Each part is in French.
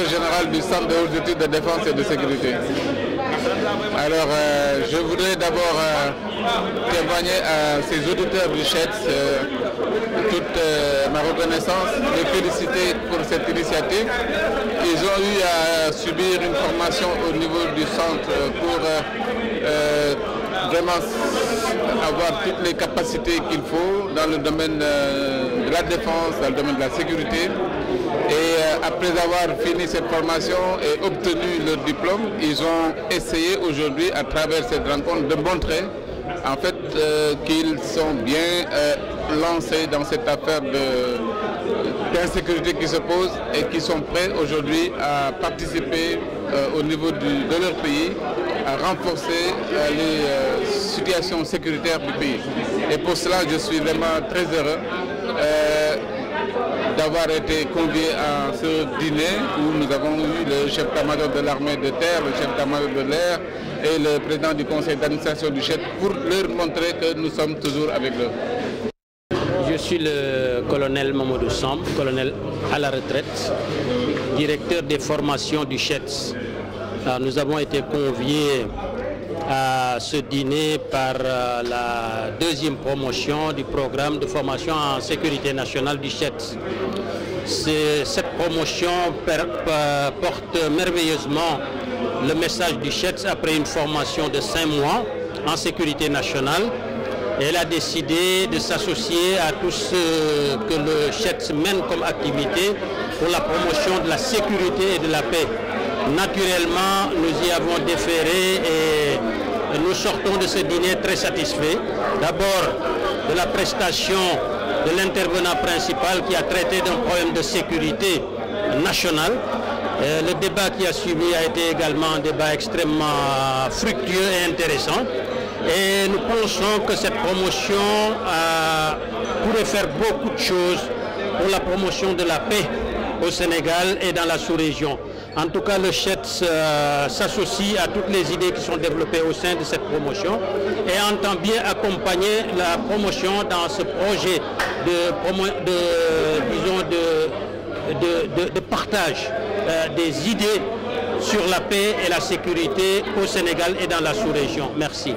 général du Centre de hautes études de défense et de sécurité. Alors, euh, je voudrais d'abord euh, témoigner à ces auditeurs du euh, toute ma reconnaissance, les féliciter pour cette initiative. Ils ont eu à subir une formation au niveau du centre pour vraiment avoir toutes les capacités qu'il faut dans le domaine de la défense, dans le domaine de la sécurité, et euh, après avoir fini cette formation et obtenu leur diplôme, ils ont essayé aujourd'hui, à travers cette rencontre, de montrer en fait euh, qu'ils sont bien euh, lancés dans cette affaire d'insécurité qui se pose et qu'ils sont prêts aujourd'hui à participer au niveau de leur pays à renforcer les situations sécuritaires du pays. Et pour cela, je suis vraiment très heureux d'avoir été convié à ce dîner où nous avons eu le chef d'armée de l'armée de terre, le chef d'armée de l'air et le président du conseil d'administration du CHET pour leur montrer que nous sommes toujours avec eux. Je suis le colonel Mamadou Sam, colonel à la retraite, directeur des formations du CHET. Ah, nous avons été conviés à ce dîner par euh, la deuxième promotion du programme de formation en sécurité nationale du CHET. Cette promotion euh, porte merveilleusement le message du CHET après une formation de cinq mois en sécurité nationale. Elle a décidé de s'associer à tout ce que le CHET mène comme activité pour la promotion de la sécurité et de la paix. Naturellement, nous y avons déféré et nous sortons de ce dîner très satisfaits. D'abord, de la prestation de l'intervenant principal qui a traité d'un problème de sécurité nationale. Euh, le débat qui a suivi a été également un débat extrêmement fructueux et intéressant. Et nous pensons que cette promotion euh, pourrait faire beaucoup de choses pour la promotion de la paix au Sénégal et dans la sous-région. En tout cas, le CHET euh, s'associe à toutes les idées qui sont développées au sein de cette promotion et entend bien accompagner la promotion dans ce projet de, de, partage euh, des idées sur la paix et la sécurité au Sénégal et dans la sous-région. Merci.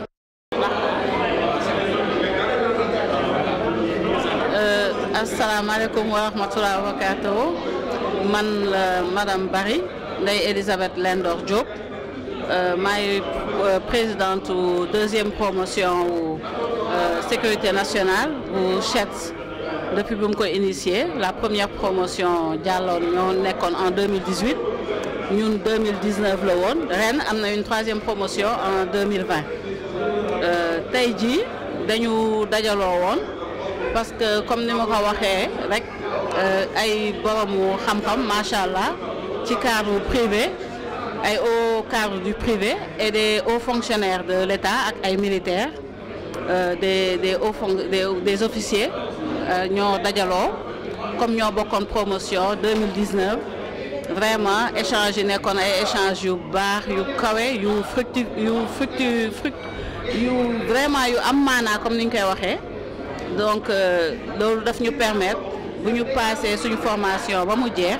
Euh, Madame Barry. Ndeye Elisabeth Lendor Diop euh, maay euh, présidente la deuxième promotion la euh, sécurité nationale ou CHET, depuis que mu ko initié la première promotion de en 2018 en 2019 la woon ren a une troisième promotion en 2020 tey jii dañu dajaloo parce que comme nous l'avons dit, les gens ay boromu xam-xam du cadre privé ay au cadre du privé et des hauts fonctionnaires de l'État et ay militaires euh, des des hauts des des officiers euh, ñoo dajaloo comme ñoo de promotion 2019 vraiment échange yi échangé ay échange yu bar yu kawe yu fructu yu fructu vraiment yu amana comme nous avons koy donc nous euh, daf ñu permettre passer passer sur formation ba mu dire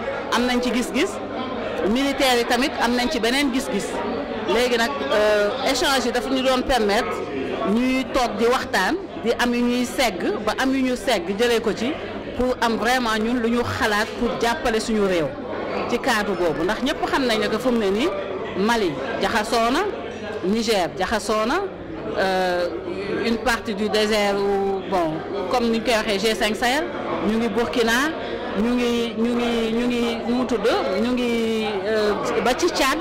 am nañ ci gis-gis militaire tamit am nañ ci benen gis-gis légui nak euh échange yi dafa ñu doon permettre ñuy toog di waxtaan di am ñuy ségg ba am ñuy ñu segg jëlee ko ci pour am vraiment ñun luñu xalaat pour jappalé suñu réew ci cadre boobu ndax ñëpp xam nañ ne que né ni Mali jaxasoo na Niger jaxasoo euh une partie du désert ou bon comme ni koy waxé G5 Sahel ñu ngi Burkina. ñu ngi ñu ngi ñu ngi mu tudd ñu ngi euh, ba ci Tchad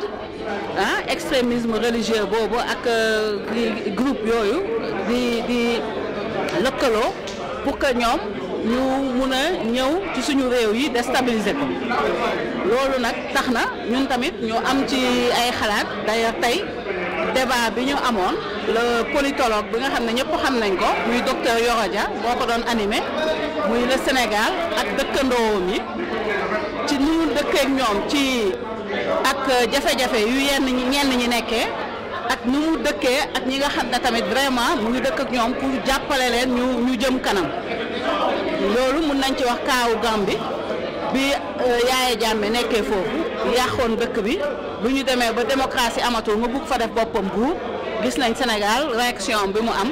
ah extrémisme religieux boobu ak euh, groupe yooyu di di lëkkaloo pour que ñoom ñu mun a ñëw ci suñu réew yi déstabiliser ko loolu nag tax na ñun tamit ñu am ci ay xalaat d'ailleurs tey débat bi ñu amoon la politologue bi nga xam ne ñëpp xam nañ ko muy docteur Yoro Dia ko doon animé muy le Sénégal ak dëkkandoowam yi ci nu ñu dëkkee ñoom ci ak jafe-jafe yu yenn ñi ñenn ñi nekkee ak nu mu dëkkee ak ñi nga xam ne tamit vraiment mu ngi dëkk ak ñoom pour jàppale leen ñu ñu jëm kanam loolu mun nañ ci wax kaawu Gàmbi bi euh, Yaaya Jàmme nekkee foofu yàqoon dëkk bi lu ñu demee ba démocratie amatul nga bugg fa def boppam buur gis nañ Sénégal réaction bi mu am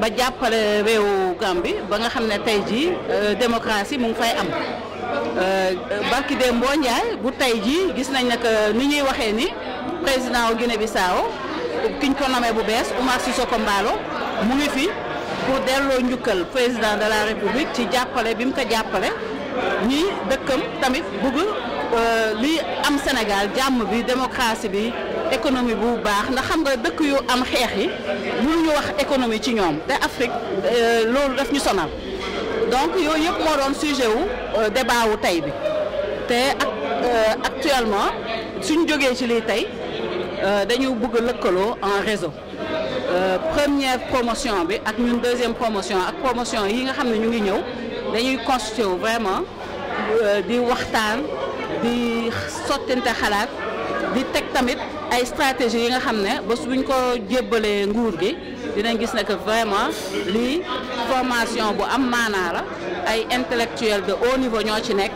ba jàppale réewu Gambie ba nga xam ne tey jii euh, démocratie mu ngi fay am euh, barki démb boo Ndiaye bu tey jii gis nañ nag ni ñuy waxee ni président wu Guinée Bissau kiñ ko nommé bu bees Umaro Sissoco Embaló mu ngi fi pour delloo njukkal président de la république ci jàppale bi mu ko jàppale ñi dëkkam tamit bëgg euh, li am Sénégal jàmm bi démocratie bi. économie bu baax ndax xam nga dëkk yu am xeex yi mënuñu wax économie ci ñoom te Afrique euh, loolu daf ñu sonal donc yooyu yëpp moo doon sujet wu euh, débat wu tey bi te ak euh, actuellement suñ jógee ci lii tey dañu bëgg lëkkaloo en réseau première promotion bi ak ñun deuxième promotion ak promotion yi nga xam ne ñu ngi ñëw dañuy constitué vraiment di waxtaan di sottante xalaat di tek tamit ay stratégie yi nga xamné ne ba buñ ko djébalé nguur gi dinañ gis ne vraiment li formation bu am maanaa ay intellectuel de haut niveau ñoo ci nekk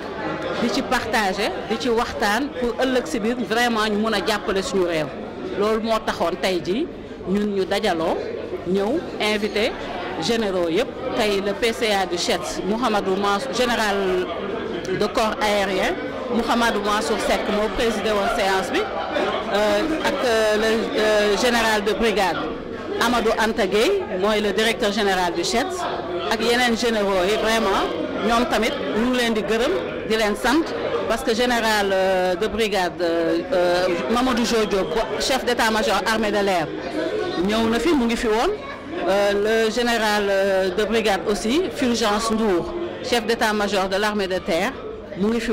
di ci partager di ci waxtaan pour ëlëk ci bir vraiment ñu mun a suñu rêve lool mo taxone tay ji ñun ñu dajalo ñew invité généraux yëpp tay le PCA du Chet Mouhamadou Mansour général de corps aérien Mouhamadou Mansour Sek, président président la séance euh, avec euh, le euh, général de brigade Amadou Anta Gueye le directeur général du CHEDS avec les généraux vraiment nous tamit nous les di parce que général de brigade Mamadou Jojo chef d'état-major armée de l'air nous na fait, mu ngi le général de brigade aussi Fulgence Ndour chef d'état-major de l'armée de terre nous ngi fi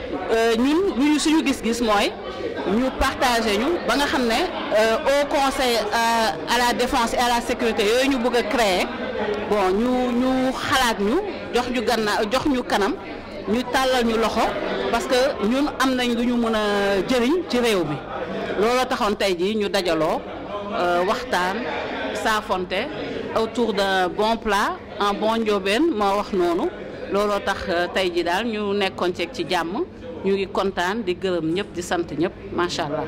Euh, nous, nous suñu nous gis nous partageons. Euh, au conseil euh, à la défense et à la sécurité nous ñu créer bon ñu nous xalaat nous, nous nous nous, Nous kanam nous nous, nous nous, parce que nous Nous nous nous nous, nous, ci nous nous nous, Nous Nous nous nous autour d'un bon plat un bon njóobeen wax ce que tax nous Nous ñu ngi kontaan di gërëm ñëpp di sant ñëpp macha allah.